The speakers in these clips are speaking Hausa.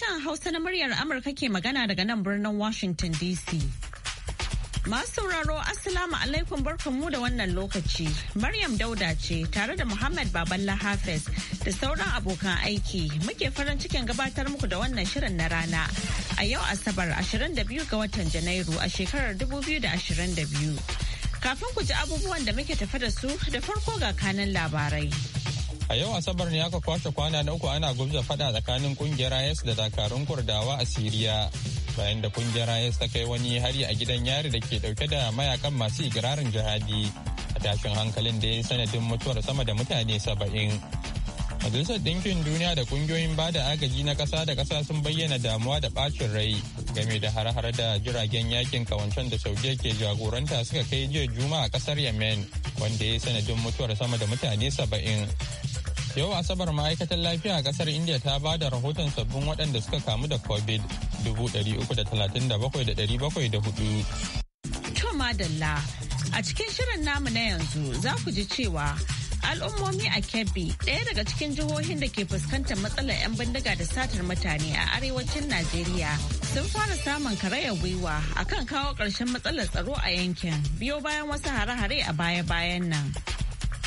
Sashen Hausa na muryar Amurka ke magana daga nan birnin Washington DC. Masu sauraro Assalamu alaikum barkanmu da wannan lokaci. Maryam Dauda ce tare da Muhammad Baballa Hafiz da sauran abokan aiki muke farin cikin gabatar muku da wannan shirin na rana. A yau Asabar 22 ga watan Janairu a shekarar 2022. Kafin ku ji abubuwan da muke tafe da su da farko ga kanan labarai. a yau asabar ne aka kwashe kwana na uku ana gwabza fada tsakanin kungiyar is da dakarun kurdawa a siriya bayan da kungiyar is ta kai wani hari a gidan yari da ke dauke da mayakan masu igirarin jihadi a tashin hankalin da ya yi sanadin mutuwar sama da mutane saba'in Majalisar dinkin Duniya da kungiyoyin ba da agaji na ƙasa da ƙasa sun bayyana damuwa da ɓacin rai game da har-har da jiragen yakin kawancen da Saudiya ke jagoranta suka kai jiya Juma'a a ƙasar Yemen wanda ya yi sanadin mutuwar sama da mutane saba'in. Yau Asabar ma'aikatar lafiya a kasar India ta ba da rahoton sabbin waɗanda suka kamu da COVID 337,704. To madalla, a cikin shirin namu na yanzu za ku ji cewa al'ummomi a Kebbi ɗaya daga cikin jihohin da ke fuskantar matsalar 'yan bindiga da satar mutane a arewacin Najeriya sun fara samun karayar gwiwa akan kawo ƙarshen matsalar tsaro a yankin biyo bayan wasu hare-hare a baya-bayan nan.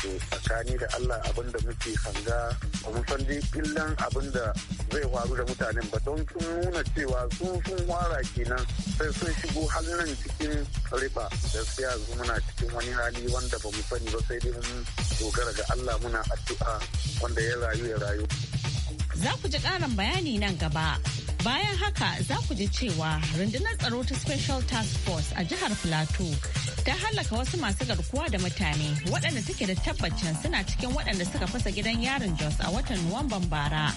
wato tsakani da Allah abin da muke hanga ba mu san dai illan abin da zai faru da mutanen ba don sun nuna cewa su sun wara kenan sai sun shigo halin cikin riba gaskiya yanzu muna cikin wani hali wanda ba mu sani ba sai dai mun dogara ga Allah muna addu'a wanda ya rayu ya rayu. Za ku ji ƙarin bayani nan gaba. Bayan haka za ku ji cewa rundunar tsaro ta Special Task Force a jihar Plateau ta hallaka wasu masu garkuwa da mutane waɗanda suke da tabbacin suna cikin waɗanda suka fasa gidan yarin Jos a watan Nuwamban bara.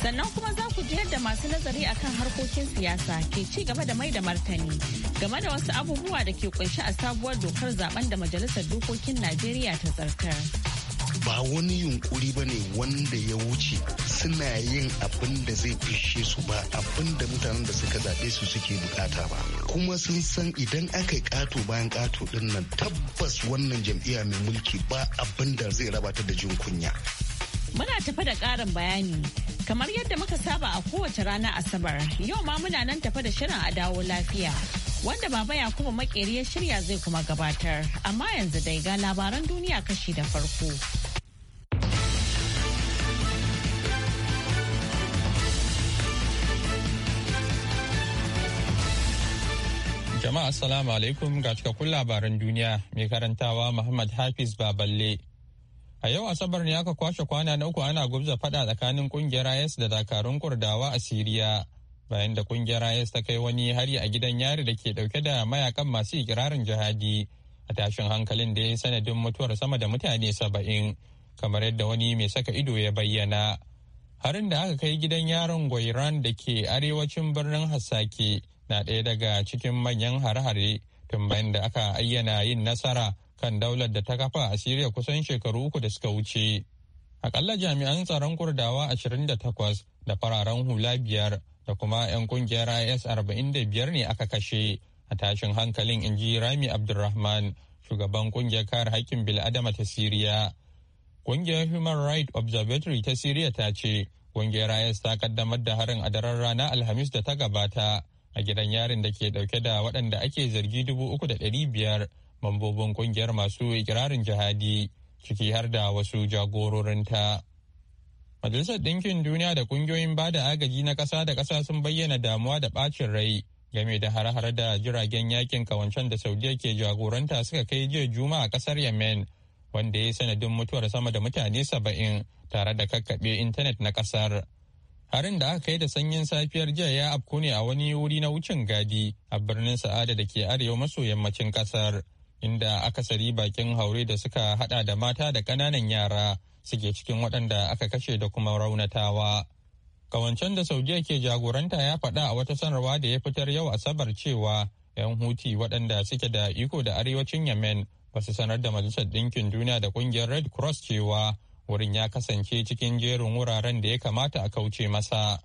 Sannan kuma za ku ji yadda masu nazari a kan harkokin siyasa ke ci gaba da mai da martani game da wasu abubuwa da ke kunshi a sabuwar dokar zaben da Majalisar Dokokin Najeriya ta zartar. Ba wani yunkuri ba ne wanda ya wuce suna yin abin da zai fishe su ba abin da mutanen da suka zaɓe su suke bukata ba kuma sun san idan aka yi ƙato bayan ƙato din nan tabbas wannan jam'iyya mai mulki ba abin da zai rabata da jin kunya muna tafa da ƙarin bayani kamar yadda muka saba a kowace rana asabar yau ma muna nan tafa da shirin a dawo lafiya wanda baba ya kuma makeri ya shirya zai kuma gabatar amma yanzu dai ga labaran duniya kashi da farko Jama'a Assalamu alaikum ga cikakkun labaran duniya mai karantawa Muhammad Hafiz Baballe. A yau Asabar ne aka kwashe kwana na uku ana gubza fada tsakanin kungiyar IS da dakarun Kurdawa a Siriya bayan da kungiyar IS ta kai wani hari a gidan yari da ke dauke da mayakan masu ikirarin jihadi a tashin hankalin da ya sanadin mutuwar sama da mutane saba'in kamar yadda wani mai saka ido ya bayyana. Harin da aka kai gidan yaron Gwairan da ke arewacin birnin Hassake na ɗaya daga cikin manyan hare-hare tun bayan da aka ayyana yin nasara kan daular da ta kafa a Siriya kusan shekaru uku da suka wuce. Akalla jami'an tsaron Kurdawa 28 da fararen hula biyar da kuma 'yan kungiyar IS 45 ne aka kashe a tashin hankalin inji Rami Abdulrahman, shugaban kungiyar kare haƙƙin bil'adama ta Siriya. Kungiyar Human Rights Observatory ta Siriya ta ce, kungiyar IS ta kaddamar da harin a daren rana Alhamis da ta gabata. a gidan yarin da ke dauke da waɗanda ake zargi dubu uku da ɗari biyar mambobin kungiyar masu ikirarin jihadi ciki har da wasu jagororinta. Majalisar Ɗinkin Duniya da ƙungiyoyin ba da agaji na ƙasa da ƙasa sun bayyana damuwa da ɓacin rai game da hare-hare da jiragen yakin kawancen da Saudiya ke jagoranta suka kai jiya Juma'a a ƙasar Yemen, wanda ya yi sanadin mutuwar sama da mutane saba'in tare da kakkaɓe intanet na ƙasar. Harin da aka yi da sanyin safiyar jiya ya afko ne a wani wuri na wucin gadi a birnin Sa'ada da ke arewa maso yammacin kasar, inda akasari bakin haure da suka hada da mata da kananan yara suke cikin waɗanda aka kashe da kuma raunatawa. Kawancen da Saudiya ke jagoranta ya faɗa a wata sanarwa da ya fitar yau Asabar cewa 'yan Huti waɗanda suke da iko da arewacin Yemen ba su sanar da Majalisar Ɗinkin Duniya da ƙungiyar Red Cross cewa wurin ya kasance cikin jerin wuraren da ya kamata a kauce masa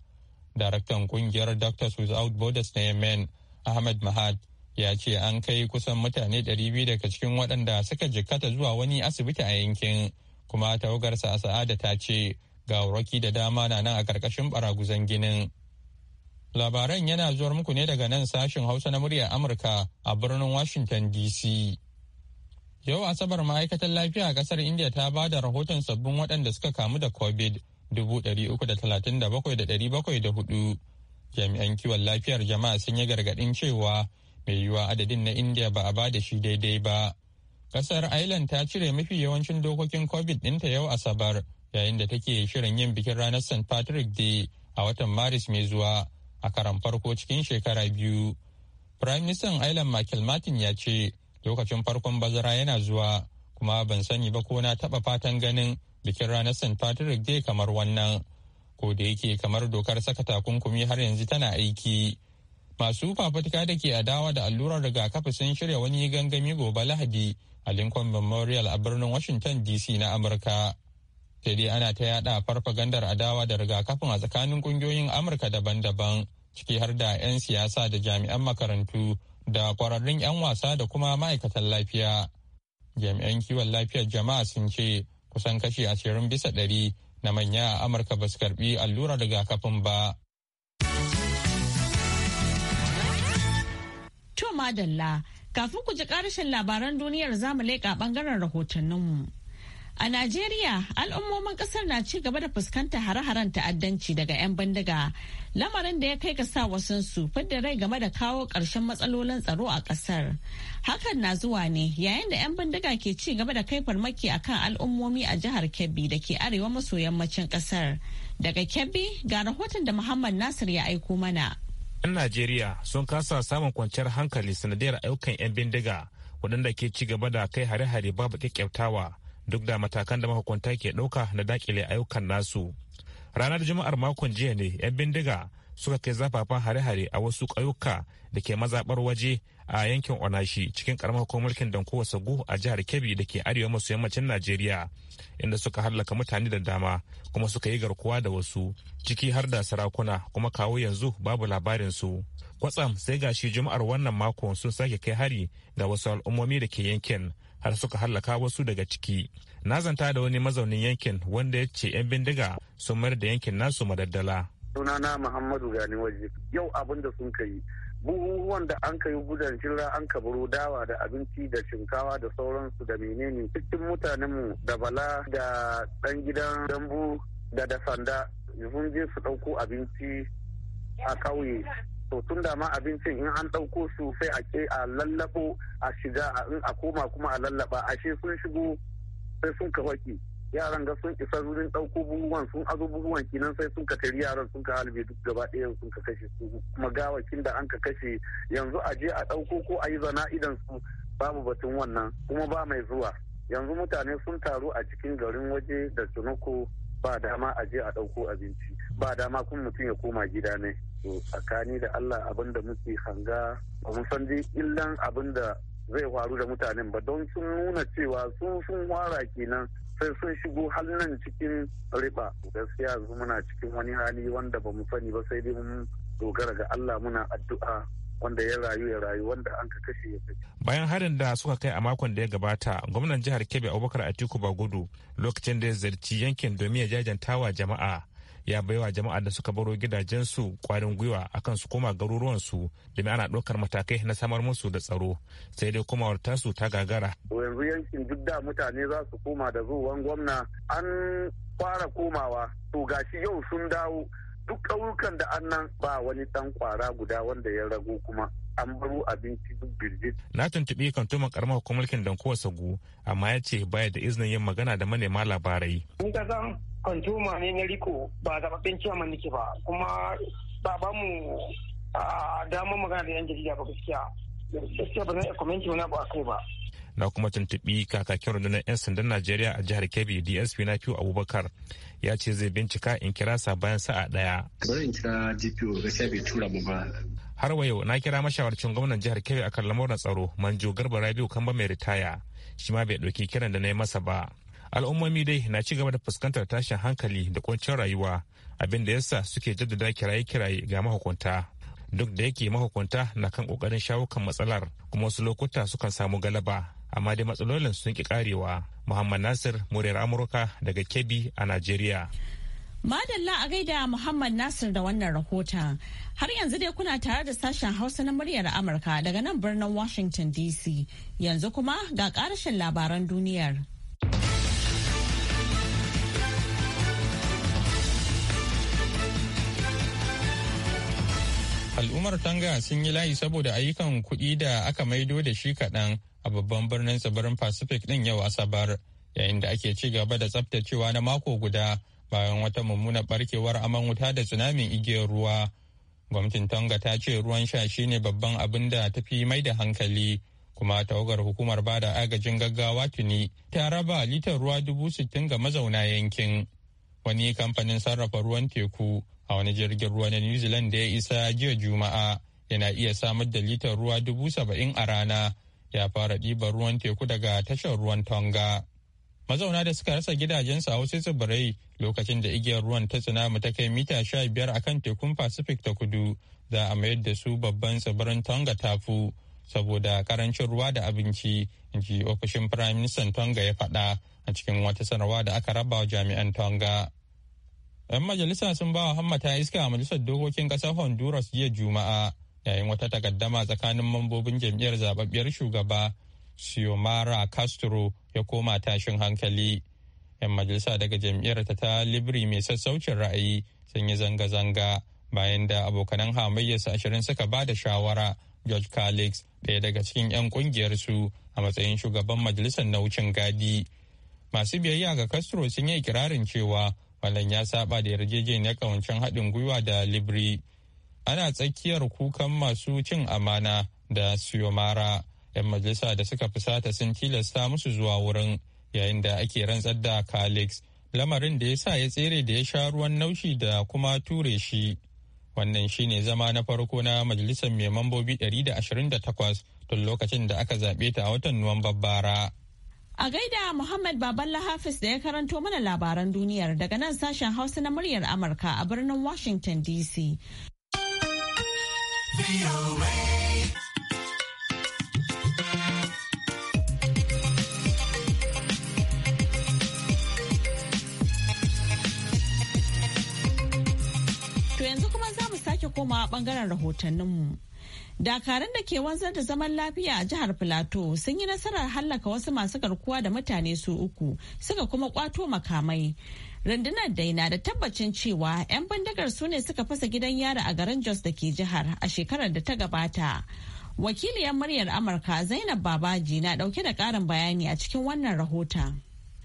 daraktan kungiyar doctors without borders na yemen ahmed mahad ya ce an kai kusan mutane 200 daga cikin waɗanda suka jikkata zuwa wani asibiti a yankin kuma tawagarsa a sa'ada ta ce ga gawarwaki da dama na nan a ƙarƙashin baraguzan ginin labaran yana zuwar muku ne daga nan sashin hausa na muryar amurka a birnin washington dc Yau Asabar ma'aikatar lafiya a kasar India ta ba da rahoton sabbin waɗanda suka kamu da COVID 337,704. Jami'an kiwon lafiyar jama'a sun yi gargaɗin cewa mai yiwuwa adadin na India ba a ba da shi daidai ba. Kasar Ireland ta cire mafi yawancin dokokin COVID ɗinta yau Asabar yayin da take shirin yin bikin ranar St. Patrick Day a watan Maris mai zuwa a karan farko cikin shekara biyu. Prime Minister Ireland Michael Martin ya ce lokacin farkon bazara yana zuwa kuma ban sani ba ko na taɓa fatan ganin bikin ranar st patrick day kamar wannan ko da yake kamar dokar saka takunkumi har yanzu tana aiki masu fafutuka da ke adawa da allurar rigakafi sun shirya wani gangami gobe lahadi a lincoln memorial a birnin washington dc na amurka sai dai ana ta yada farfagandar adawa da rigakafin a tsakanin kungiyoyin amurka daban-daban ciki har da 'yan siyasa da jami'an makarantu da kwararrun 'yan wasa da kuma ma'aikatan lafiya jami'an kiwon lafiyar jama'a sun ce kusan kashi ashirin bisa ɗari na manya a amurka ba su karbi allurar rigakafin ba to madalla kafin ku ji ƙarshen labaran duniyar zamu leƙa ɓangaren rahotanninmu. A Najeriya, al'ummomin kasar na ci gaba da fuskantar hare-haren ta'addanci daga 'yan bindiga, lamarin da ya kai ga sa su da rai game da kawo ƙarshen matsalolin tsaro a ƙasar. Hakan na zuwa ne yayin da 'yan bindiga ke ci gaba da kai farmaki a kan al'ummomi a jihar Kebbi da ke arewa maso yammacin ƙasar. Daga Kebbi ga rahoton da Muhammad Nasir ya aiko mana. 'Yan Najeriya sun kasa samun kwanciyar hankali sanadiyar ayyukan 'yan bindiga waɗanda ke ci gaba da kai hare-hare babu kyakkyautawa. duk da matakan da mahukunta ke ɗauka na dakile ayyukan nasu ranar juma'ar makon jiya ne 'yan bindiga suka kai zafafan hare-hare a wasu ƙauyuka da ke mazaɓar waje a yankin onashi cikin ƙaramar hukumar mulkin sagu a jihar kebbi da ke arewa maso yammacin najeriya inda suka hallaka mutane da dama kuma suka yi garkuwa da wasu ciki har da sarakuna kuma kawo yanzu babu labarin su kwatsam sai gashi juma'ar wannan makon sun sake kai hari ga wasu al'ummomi da ke yankin har suka hallaka wasu daga ciki na zanta da wani mazaunin yankin wanda ya ce 'yan bindiga sun mayar da yankin nasu madaddala sunana muhammadu gani waje yau abin da sun kai buhuhuwan da an kai gudan shirra an kaburo dawa da abinci da shinkawa da sauransu da menene cikin mutanenmu da bala da dan gidan dambu da da sanda sun je su ɗauko abinci a ƙauye to tun da ma abincin in an ɗauko su sai a ke a lallabo a shiga in a koma kuma a lallaba ashe sun shigo sai sun ka yaran ga sun isa wurin ɗauko buhuwan sun azo buhuwan kinan sai sun ka tari yaran sun ka halbe duk gaba ɗaya sun ka kashe su kuma gawakin da an ka kashe yanzu a je a ɗauko ko a yi zana idan su babu batun wannan kuma ba mai zuwa yanzu mutane sun taru a cikin garin waje da tunuku ba dama a je a ɗauko abinci ba dama kun mutum ya koma gida ne to tsakani da Allah abinda muke hanga ba mu san dai illan abin da zai faru da mutanen ba don sun nuna cewa su sun wara kenan sai sun shigo har nan cikin riba gaskiya yanzu muna cikin wani hali wanda ba mu sani ba sai dai mun dogara ga Allah muna addu'a wanda ya rayu ya rayu wanda an ka kashe ya kashe. Bayan harin da suka kai a makon da ya gabata, gwamnan jihar Kebbi Abubakar Atiku Bagudu lokacin da ya zarci yankin domin ya jajanta wa jama'a ya baiwa jama'a da suka baro gidajensu kwarin gwiwa akan su koma garuruwansu domin ana ɗaukar matakai na samar musu da tsaro sai dai komawar tasu ta gagara. yanzu yankin duk da mutane za su koma da zuwan gwamna an fara komawa to gashi yau sun dawo duk ƙauyukan da an annan ba wani ɗan kwara guda wanda ya rago kuma an baro abinci duk birjit. Na tuntuɓi kantoman karamar hukumulkin kowa Sagu amma ya ce baya da izinin yin magana da manema labarai. Mun ka san kantoma ne na riko ba zaɓaɓɓen ciyaman nake ba kuma ba ba mu damar magana da yan jarida ba gaskiya. ba zan iya kwamenti wani abu ba. na kuma tuntuɓi kakakin rundunar 'yan sandan najeriya a jihar kebbi dsp na fiyo abubakar ya ce zai bincika in kira sa bayan sa'a ɗaya. bari in kira dpo gaskiya bai tura mu ba har wa yau na kira mashawarcin gwamnan jihar kebbi a kan lamuran tsaro manjo garba rabiu kamba mai ritaya shi ma bai ɗauki kiran da na yi masa ba al'ummomi dai na ci gaba da fuskantar tashin hankali da kwanciyar rayuwa abin da yasa suke jaddada kiraye-kiraye ga mahukunta duk da yake mahukunta na kan kokarin shawo kan matsalar kuma wasu lokuta sukan samu galaba amma dai matsalolin sun ki karewa muhammad nasir muryar amurka daga kebbi a najeriya Madalla a gaida Muhammad Nasir da wannan rahota. Har yanzu dai kuna tare da sashen Hausa na muryar Amurka daga nan birnin Washington DC. Yanzu kuma ga ƙarashin labaran duniyar. Al'ummar Tanga sun yi layi saboda ayyukan kuɗi da aka maido da shi kaɗan a babban birnin tsibirin Pacific din yau Asabar, yayin da ake ci gaba da tsabtacewa na mako guda bayan wata mummuna barkewar aman wuta da tsunamin igiyar ruwa. Gwamnatin Tonga ta ce ruwan sha shine babban abin da ta fi mai da hankali, kuma tawagar hukumar ba da agajin gaggawa tuni ta raba litar ruwa dubu sittin ga mazauna yankin. Wani kamfanin sarrafa ruwan teku a wani jirgin ruwa na New Zealand da ya isa jiya Juma'a yana iya samar da litar ruwa dubu saba'in a rana ya fara ɗibar ruwan teku daga tashar ruwan tonga mazauna da suka rasa gidajensu a wasu tsibirai lokacin da igiyar ruwan ta tsunami ta kai mita sha biyar a kan tekun pacific ta kudu za a mayar da su babban tsibirin tonga tafu saboda karancin ruwa da abinci in ji ofishin prime minister tonga ya faɗa a cikin wata sanarwa da aka raba wa jami'an tonga 'yan majalisa sun ba wa hammata iska a majalisar dokokin ƙasar honduras jiya juma'a yayin wata takaddama tsakanin mambobin jam'iyyar zababbiyar shugaba Xiomara Castro ya koma tashin hankali. 'Yan majalisa daga jam'iyyar ta ta Libri mai sassaucin ra'ayi sun yi zanga-zanga bayan da abokanan hamayyarsa ashirin suka ba da shawara George Calix ɗaya daga cikin 'yan su a matsayin shugaban majalisar na wucin gadi. Masu biyayya ga Castro sun yi ikirarin cewa wannan ya saba da yarjejeniyar kawancin haɗin gwiwa da Libri. ana tsakiyar kukan masu cin amana da siyomara 'yan majalisa da suka fusata sun tilasta musu zuwa wurin yayin da ake rantsar da calix lamarin da ya sa ya tsere da ya sha ruwan naushi da kuma ture shi wannan shine zama na farko na majalisar mai mambobi 128 tun lokacin da aka zaɓe ta a watan nuwamban bara a gaida muhammad baballa hafiz da ya karanto mana labaran duniyar daga nan sashen hausa na muryar amurka a birnin washington dc To yanzu kuma za mu sake koma bangaren rahotanninmu. Dakarun da ke wanzar da zaman lafiya a jihar Filato sun yi nasarar hallaka wasu masu garkuwa da mutane su uku suka kuma kwato makamai. rundunar dai na da tabbacin cewa 'yan bindigar su ne suka fasa gidan yari a garin jos da ke jihar a shekarar da ta gabata wakiliyar muryar amurka zainab babaji na dauke da karin bayani a cikin wannan rahoton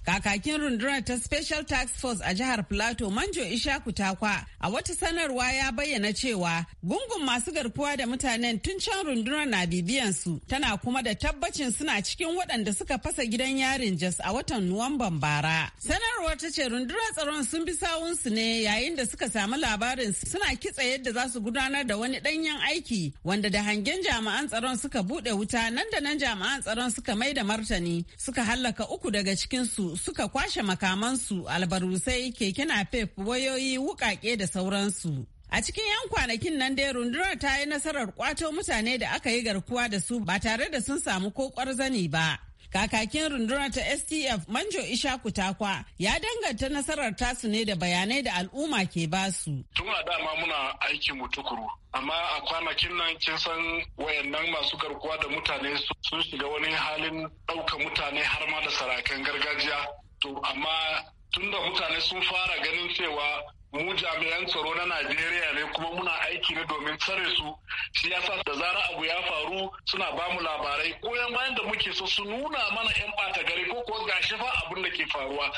Kakakin rundunar ta Special Task Force a jihar plato Manjo Ishaku Takwa a wata sanarwa ya bayyana cewa gungun masu garkuwa da mutanen tun can rundunar na bibiyan su tana kuma da tabbacin suna cikin waɗanda suka fasa gidan yarin jas a watan Nuwamban bara. Sanarwar ta ce rundunar tsaron sun bi sawun su ne yayin da suka samu labarin suna kitsa yadda za su gudanar da wani ɗanyen aiki wanda da hangen jami'an tsaron suka buɗe wuta nan da nan jami'an tsaron suka mai da martani suka hallaka uku daga cikin su suka kwashe makamansu albarusai keke napep wayoyi wukake da sauransu a cikin 'yan kwanakin nan dai rundunar ta yi nasarar kwato mutane da aka yi garkuwa da su ba tare da sun samu ko kwarzani ba Kakakin runduna ta STF Manjo Ishaku Takwa ya danganta nasarar tasu ne da bayanai da al'umma ke basu. Tun a dama muna aikin mu tukuru. amma a kwanakin nan kin san wayannan masu garkuwa da mutane sun shiga wani halin ɗauka mutane har ma da sarakan gargajiya to amma tunda mutane sun fara ganin cewa mu jami'an tsaro na Najeriya ne kuma muna aiki ne domin tsare su shi sa da zara abu ya faru suna ba mu labarai goyon bayan da muke so su nuna mana yan bata gari ko ko gashi fa abin da ke faruwa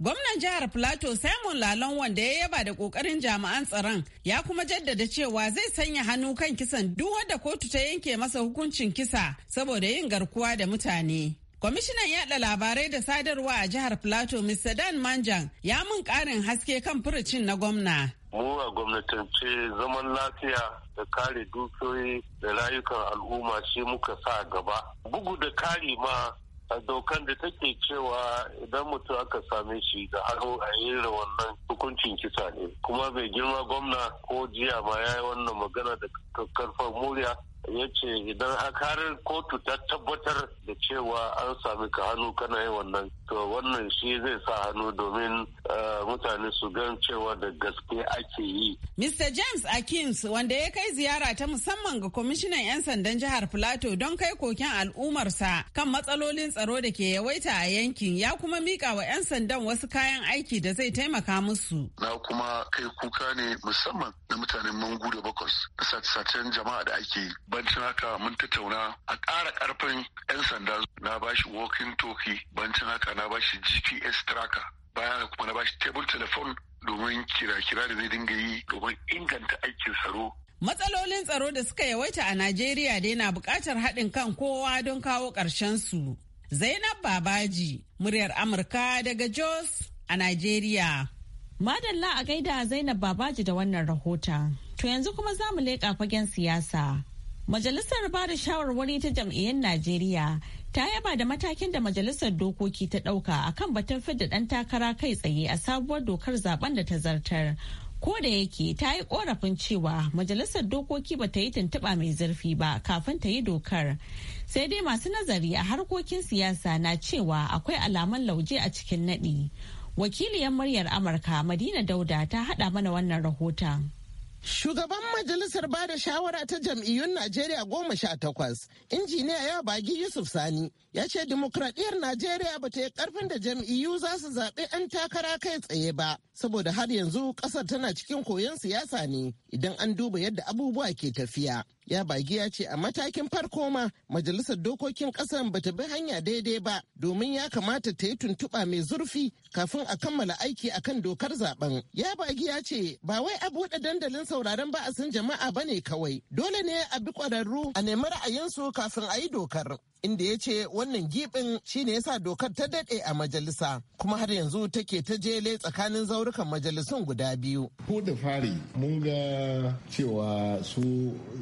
Gwamnan jihar Plateau Simon Lalon wanda ya yaba da kokarin jami'an tsaron ya kuma jaddada cewa zai sanya hannu kan kisan duk wanda kotu ta yanke masa hukuncin kisa saboda yin garkuwa da mutane. Kwamishinan yada labarai da sadarwa a jihar Plateau, Mr. Dan Manjan, ya mun karin haske kan furucin na gwamna. Mu a gwamnatance zaman lafiya da kare dukiyoyi da rayukan al'umma shi muka sa gaba. Bugu da kari ma a dokan da take cewa idan mutum aka same shi da haro a da wannan hukuncin kisa ne. Kuma bai girma gwamna ko jiya ma ya yi wannan magana da karfar murya ya ce idan har kotu ta tabbatar da cewa an sami ka hannu kana yi wannan to wannan shi zai sa hannu domin eh, mutane su gan cewa da gaske ake yi. Mr. James Akins wanda ya kai ziyara ta musamman ga kwamishinan 'yan sandan jihar Plateau don kai koken al'ummarsa kan matsalolin tsaro da ke yawaita a yankin ya kuma mika wa 'yan sandan wasu kayan aiki da zai taimaka musu. Na kuma kai kuka ne musamman na mutanen Mangu da bakwas sace-sacen jama'a da ake yi. bancin haka mun tattauna a ƙara ƙarfin 'yan sanda na bashi walking talkie bancin haka na bashi gps tracker bayan kuma na bashi table telephone domin kira-kira da zai dinga yi domin inganta aikin tsaro Matsalolin tsaro da suka yawaita a Najeriya dai na buƙatar haɗin kan kowa don kawo ƙarshen su. Zainab Babaji, muryar Amurka daga Jos a Najeriya. Madalla a gaida Zainab Babaji da wannan rahota. To yanzu kuma za mu leƙa fagen siyasa. Majalisar ba da shawarwari ta jam'iyyar Najeriya ta yaba da matakin da majalisar dokoki ta ɗauka a kan batun fidda ɗan takara kai tsaye a sabuwar dokar zaben da ta zartar. Ko da yake ta yi korafin cewa majalisar dokoki ba ta yi tuntuɓa mai zurfi ba kafin ta yi dokar. Sai dai masu nazari a harkokin siyasa na cewa akwai alaman lauje a cikin naɗi. Wakiliyar muryar Amurka Madina Dauda ta haɗa mana wannan rahoton. Shugaban Majalisar Bada Shawara ta Jam'iyyun Najeriya goma sha takwas, Injiniya ya bagi Yusuf Sani, ya ce dimokuraɗiyar Najeriya ba ta yi ƙarfin da jam'iyyu za su zaɓi 'yan takara kai tsaye ba, saboda har yanzu ƙasar tana cikin koyon siyasa ne idan an duba yadda abubuwa ke tafiya. ya bagi ya ce a matakin farko ma majalisar dokokin kasar ba ta bi hanya daidai ba domin ya kamata ta yi tuntuɓa mai zurfi kafin a kammala aiki akan dokar zaben ya bagi ya ce ba wai a buɗe dandalin sauraron ba'asin jama'a ba ne kawai dole ne a bi ƙwararru a nemi ra'ayinsu kafin a yi dokar inda ya ce wannan gibin shine yasa dokar ta daɗe a majalisa kuma har yanzu take ta jele tsakanin zaurukan majalisun guda biyu ko da fari mun ga cewa su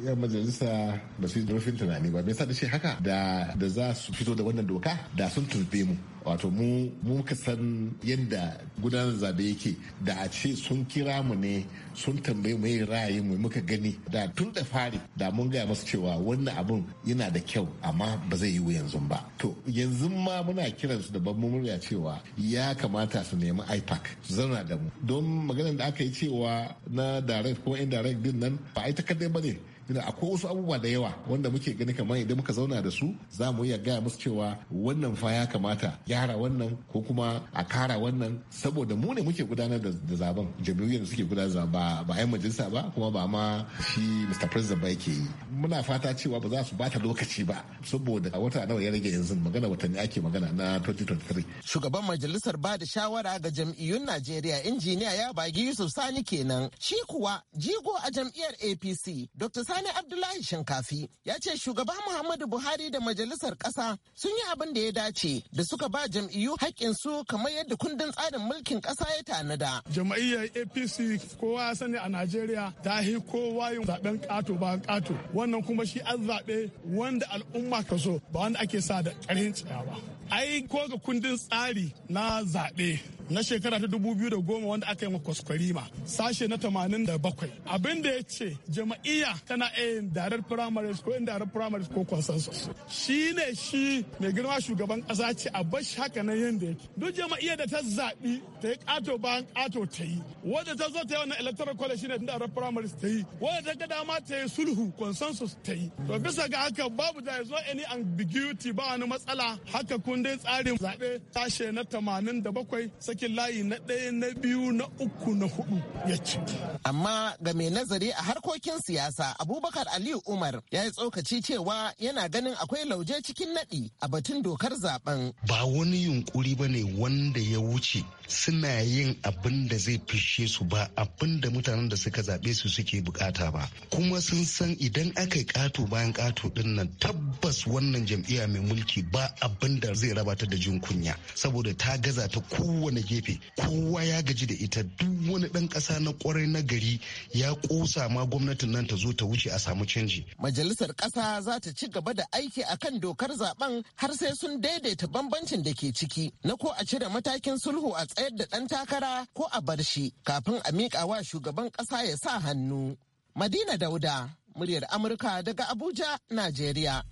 'yan majalisa ba su yi rufin tunani ba bai yasa da shi haka da da za su fito da wannan doka da sun turbe mu wato mu muka san yadda gudanar zabe yake da a ce sun kira mu ne sun tambaye mu yin ra'ayi mu muka gani da tun da fari da mun gaya masu cewa wannan abun yana da kyau amma ba zai yiwu yanzu ba to yanzu ma muna kiran su da babban murya cewa ya kamata su nemi ipac su zauna da mu don maganar da aka yi cewa na direct ko indirect din nan ba ai takardar ba ne ina akwai wasu abubuwa da yawa wanda muke gani kamar idan muka zauna da su za mu iya gaya musu cewa wannan fa ya kamata gyara wannan ko kuma a kara wannan saboda mu ne muke gudanar da zaben jam'iyyar da suke gudanar da ba ba yan majalisa ba kuma ba ma shi Mr President ba yake yi muna fata cewa ba za su bata lokaci ba saboda wata nawa ya rage yanzu magana watanni ake magana na 2023 shugaban majalisar ba da shawara ga jam'iyyun Najeriya injiniya ya bagi Yusuf Sani kenan shi kuwa jigo a jam'iyyar APC Dr. Sani Abdullahi Shinkafi ya ce shugaba Muhammadu Buhari da majalisar ƙasa sun yi abin da ya dace da suka ba jam'iyyu su kamar yadda kundin tsarin mulkin ƙasa ya tanada. Jama'iyyar APC kowa ya sani a Najeriya ta yi kowa yin zaben ƙato ba ƙato wannan kuma shi an zaɓe wanda al'umma ka so ba wanda ake sa da ƙarhin ba Ai ko ga kundin tsari na zaɓe na shekara ta dubu biyu da goma wanda aka yi ma kwaskwarima sashe na tamanin da bakwai abin ya ce jama'iyya tana ana yin direct primaries ko darar primary ko consensus shi ne shi mai girma shugaban kasa ce a bashi haka nan yadda yake duk jama'iyyar da ta zaɓi ta yi ƙato bayan ƙato ta yi wadda ta zo ta yi wannan electoral college shine darar primary ta yi wadda ta ga dama ta yi sulhu consensus ta yi to bisa ga haka babu da ya zo any ambiguity ba wani matsala haka kundin tsarin zaɓe sashe na tamanin da bakwai sakin layi na ɗaya na biyu na uku na hudu ya ce. amma ga mai nazari a harkokin siyasa abu Abubakar Aliyu Umar ya yi tsokaci cewa yana ganin akwai lauje cikin naɗi a batun dokar zaben. Ba wani yunkuri ba ne wanda ya wuce suna yin abin da zai fishe su ba abin da mutanen da suka zaɓe su suke bukata ba. Kuma sun san idan aka yi ƙato bayan ƙato ɗin nan tabbas wannan jam'iyya mai mulki ba abin da zai rabata da jin kunya saboda ta gaza ta kowane gefe kowa ya gaji da ita duk wani ɗan ƙasa na kwarai na gari ya ƙosa ma gwamnatin nan ta zo ta wuce a samu canji. Majalisar ƙasa za ta ci gaba da aiki a kan dokar zaben har sai sun daidaita bambancin da ke ciki na ko a cire matakin sulhu a tsayar da ɗan takara ko a bar shi kafin a miƙa wa shugaban ƙasa ya sa hannu. Madina Dauda, muryar Amurka daga Abuja, Najeriya.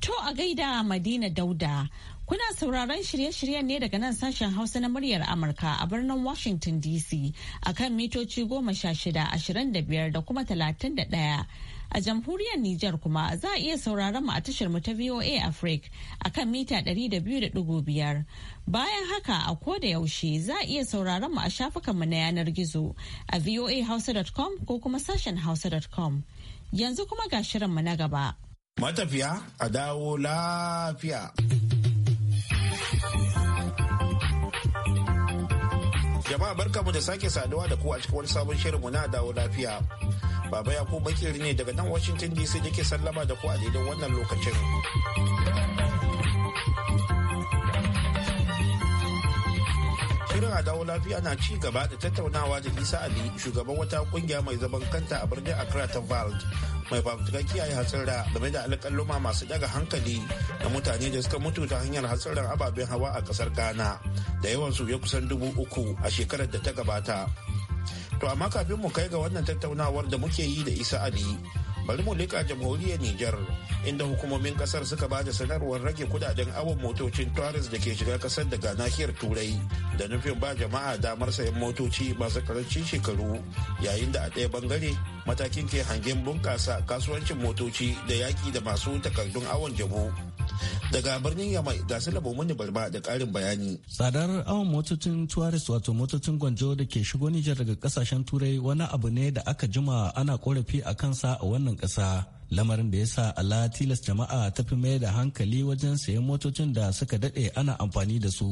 To a gaida Madina Dauda, kuna sauraron shirye-shiryen ne daga nan sashen Hausa na muryar Amurka a birnin Washington DC akan mitoci goma sha shida, ashirin da biyar da kuma talatin da ɗaya. A jamhuriyar Nijar kuma za a iya sauraron mu a tashar mu ta VOA Africa a kan mita 200.5. Bayan haka a koda yaushe za a iya sauraron mu a shafukan mu na yanar gizo a voahausa.com ko kuma sashen hausa.com. Yanzu kuma ga shirin mu na gaba. Matafiya a dawo lafiya. Jama'a barkamu da sake saduwa da ku a cikin wani sabon shirinmu na dawo lafiya. Baba ya ko bakiri ne daga nan Washington DC yake sallama da ku a daidai wannan lokacin. Shirin dawo Lafiya na ci gaba da tattaunawa da Isa Ali shugaban wata kungiya mai zaman kanta a birnin Accra ta Vald mai fafutukar kiyaye hatsira game da alkaluma masu daga hankali na mutane da suka mutu ta hanyar hatsarin ababen hawa a ƙasar Ghana da yawansu ya kusan dubu uku a shekarar da ta gabata. To amma kafin mu kai ga wannan tattaunawar da muke yi da Isa Ali, bari mu lika jamhuriyar Nijar inda hukumomin kasar suka ba da sanarwar rage kudaden awon motocin Taurus da ke shiga kasar daga nahiyar Turai da nufin ba jama'a damar sayan motoci masu karancin shekaru yayin da a ɗaya bangare matakin ke hangen bunƙasa kasuwancin motoci da yaƙi da masu takardun awon jamu. daga birnin yamai ga salabo mani barba da karin bayani tsadar awon motocin tourist wato motocin gwanjo da ke shigo nijar daga kasashen turai wani abu ne da aka jima ana korafi a kansa a wannan kasa lamarin da ya sa ala tilas jama'a ta fi mai da hankali wajen sayan motocin da suka dade ana amfani da su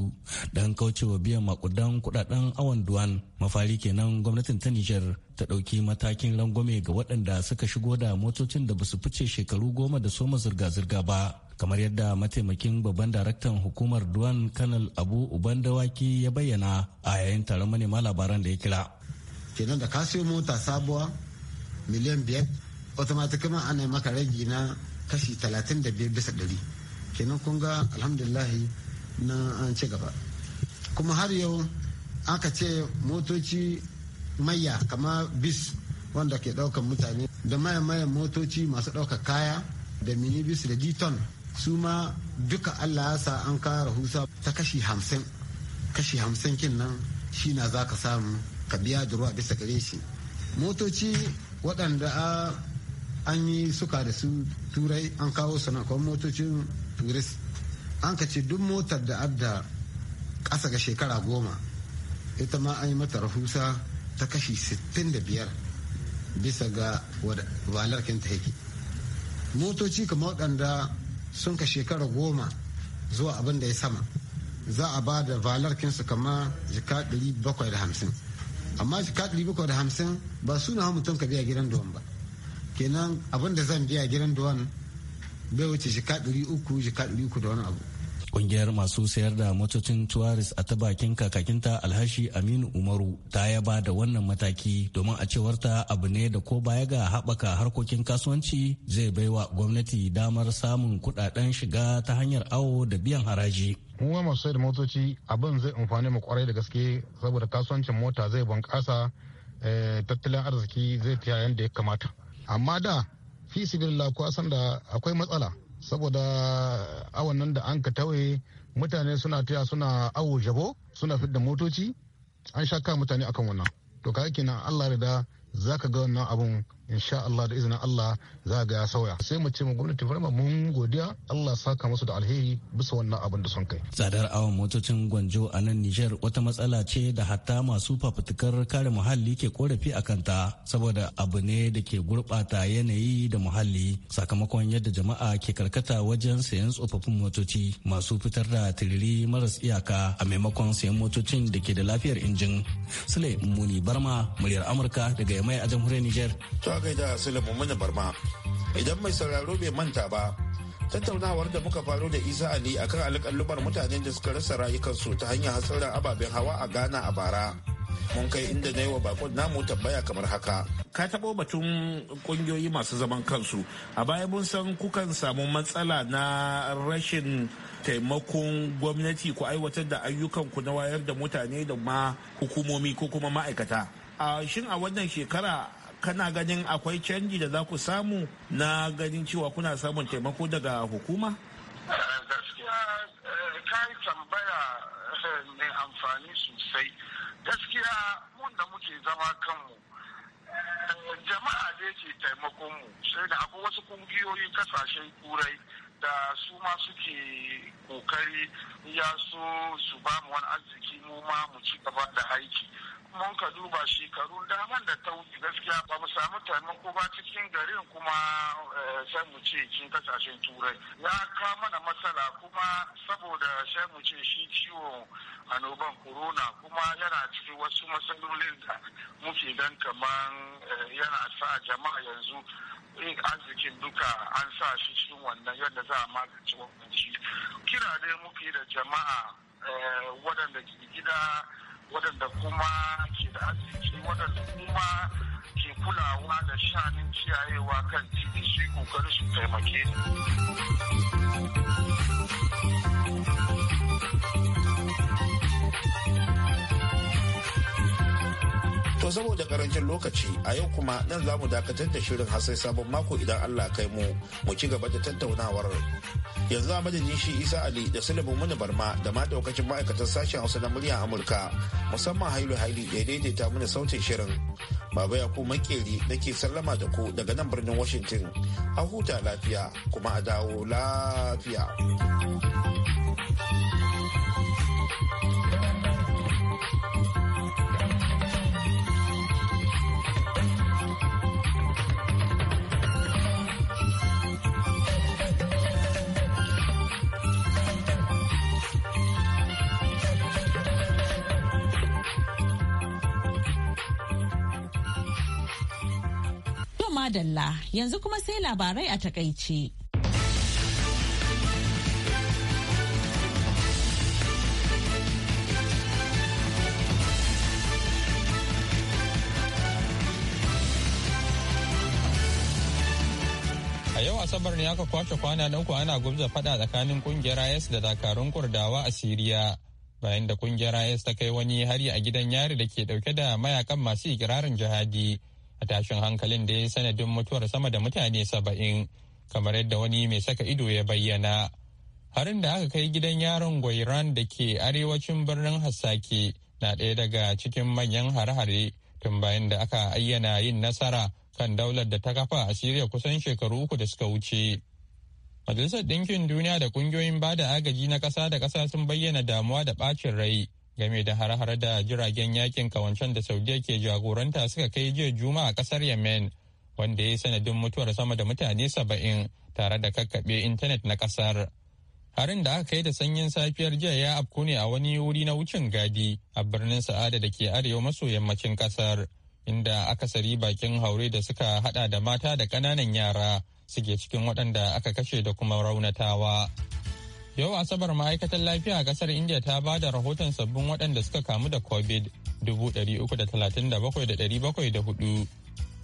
don kaucewa biyan makudan kudaden awon duwan mafari kenan gwamnatin ta nijar ta dauki matakin rangwame ga waɗanda suka shigo da motocin da basu fice shekaru goma da soma zirga-zirga ba kamar yadda mataimakin babban daraktan hukumar duwan kanal abu uban dawaki ya bayyana a yayin taron manema labaran da ya kira kenan da ka mota sabuwa miliyan biyar automatically ana maka ragi na kashi talatin da biyar bisa ɗari kenan kun ga alhamdulillahi na an ci gaba kuma har yau aka ce motoci maya kama bis wanda ke daukan mutane da maya maya motoci masu ɗaukar kaya da minibis da diton su ma duka allah ya sa an kara rahusa ta kashi hamsin kashi hamsin kin nan shi na za ka samu ka biya da ruwa bisa gare shi motoci waɗanda an yi suka da su turai an kawo su na motocin turis an ka ce duk motar da adda ƙasa ga shekara goma ita ma an yi mata rahusa ta kashi 65 bisa ga walarkin ta yake motoci kamar waɗanda sun ka shekara goma zuwa abin da ya sama za a ba da valar kinsu kama jika 750 amma jika 750 ba suna hau mutum ka biya gidan duwan ba kenan abin da zan biya gidan duwan bai wuce jika 300 jika 300 da wani abu Kungiyar masu sayar da motocin Tuwaris a ta bakin kakakinta Alhashi Aminu Umaru ta yaba da wannan mataki domin a cewarta abu ne da ko baya ga haɓaka harkokin kasuwanci zai baiwa gwamnati damar samun kuɗaɗen shiga ta hanyar awo da biyan haraji. mu ma masu sayar da motoci abin zai amfani mu kwarai da gaske saboda kasuwancin mota zai bunƙasa eh, tattalin arziki zai ta yadda ya kamata amma da fi sibirla ko san da akwai matsala saboda awon nan da an ka tawaye mutane suna taya suna awo jabo suna fidda motoci an sha mutane akan wannan to kaga kenan Allah da za ka ga wannan abun insha Allah da izinin Allah za ga ya sauya sai mu ce mu gwamnati farma mun godiya Allah saka musu da alheri bisa wannan abin da sun kai tsadar awon motocin gwanjo a nan Niger wata matsala ce da hatta masu fafutukar kare muhalli ke korafi a kanta saboda abu ne da ke gurbata yanayi da muhalli sakamakon yadda jama'a ke karkata wajen sayan tsofaffin motoci masu fitar da tiriri maras iyaka a maimakon sayan motocin da ke da lafiyar injin sule muni barma muryar amurka daga yamai a jamhuriyar niger da gaida mu Mumuni Barma. Idan mai sauraro bai manta ba, tattaunawar da muka faro da Isa Ali akan alƙalubar mutanen da suka rasa rayukansu ta hanyar hatsarin ababen hawa a Ghana a bara. mun kai inda na yi wa bakon namu tambaya kamar haka. Ka taɓo batun ƙungiyoyi masu zaman kansu. A baya mun san kukan samu matsala na rashin taimakon gwamnati ku aiwatar da ayyukan ku na wayar da mutane da ma hukumomi ko kuma ma'aikata. A shin a wannan shekara kana ganin akwai canji da za ku samu na ganin cewa kuna samun taimako daga hukuma? Eh, gaskiya eh, ka yi tambaya eh, mai amfani sosai gaskiya mun da muke zama kanmu jama'a da yake taimakonmu sai da akwai wasu kungiyoyi kasashen turai da su ma suke kokari ya so su ba mu ci gaba da aiki mun ka duba shekaru daman da ta wuce gaskiya ba mu samu taimako ba cikin garin kuma eh, sai mu ce cikin kasashen turai ya ka mana matsala kuma saboda sai mu ce shi ciwon annoban corona kuma yana cikin wasu matsalolin da muke dan kaman eh, yana sa jama'a yanzu in arzikin duka an sa shi cikin wannan yadda za a magance wannan shi kira dai muke da jama'a Eh, waɗanda ke gida waɗanda kuma ke da asibiti waɗanda kuma ke kulawa da shanun kiyayewa kan titi su yi ƙoƙarin su taimake ni. To saboda karancin lokaci a yau kuma nan za mu dakatar da shirin hasai sabon mako idan Allah kai mu mu ci gaba da tattaunawar. Yanzu a madadin shi Isa Ali da sulabin mini Barma da ma daukacin ma'aikatan sashen Hausa na muryar Amurka musamman Hailu Haili da daidaita mini sautin shirin. Baba Yakubu Makeri nake sallama da ku daga nan birnin Washington. A huta lafiya kuma a dawo lafiya. madalla yanzu kuma sai labarai a takaice. A yau Asabar ne aka kwace kwana na uku ana gubza fada tsakanin kungiyar IS da dakarun Kurdawa a Siriya. Bayan da kungiyar IS ta kai wani hari a gidan yari da ke dauke da mayakan masu ikirarin jihadi a tashin hankalin da ya sanadin mutuwar sama da mutane saba'in kamar yadda wani mai saka ido ya bayyana harin da aka kai gidan yaron gwairan da ke arewacin birnin hassake na ɗaya daga cikin manyan hare-hare tun bayan da aka ayyana yin nasara kan daular da ta kafa a siriya kusan shekaru uku da suka wuce majalisar ɗinkin duniya da ƙungiyoyin bada agaji na ƙasa da ƙasa sun bayyana damuwa da ɓacin rai game da har-har da jiragen yakin kawancen da saudiya ke jagoranta suka kai jiya juma a kasar yemen wanda ya yi sanadin mutuwar sama da mutane saba'in tare da kakkaɓe intanet na kasar harin da aka kai da sanyin safiyar jiya ya afku ne a wani wuri na wucin gadi a birnin sa'ada da ke arewa maso yammacin kasar inda akasari bakin haure da suka hada da mata da ƙananan yara suke cikin waɗanda aka kashe da kuma raunatawa. Yau Asabar ma'aikatar lafiya a kasar India ta ba da rahoton sabbin waɗanda suka kamu da COVID 337,704.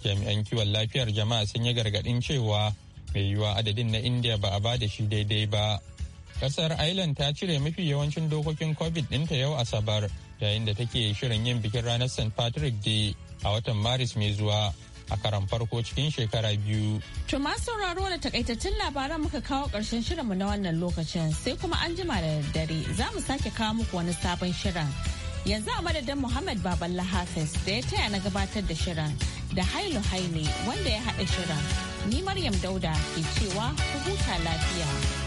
Jami'an kiwon lafiyar jama'a sun yi gargaɗin cewa mai yiwuwa adadin na India ba a ba da shi daidai ba. Kasar Ireland ta cire mafi yawancin dokokin COVID ɗinta yau Asabar yayin da take shirin yin bikin ranar St. Patrick Day a watan Maris mai zuwa a karan farko cikin shekara biyu. To masu sauraro da takaitattun labaran muka kawo ƙarshen shirinmu na wannan lokacin sai kuma an jima da daddare za mu sake kawo muku wani sabon shirin. Yanzu a madadin Muhammad Baballa Hafiz da ya taya na gabatar da shirin da Hailu Haile wanda ya haɗa shirin. Ni Maryam Dauda ke cewa ku huta lafiya.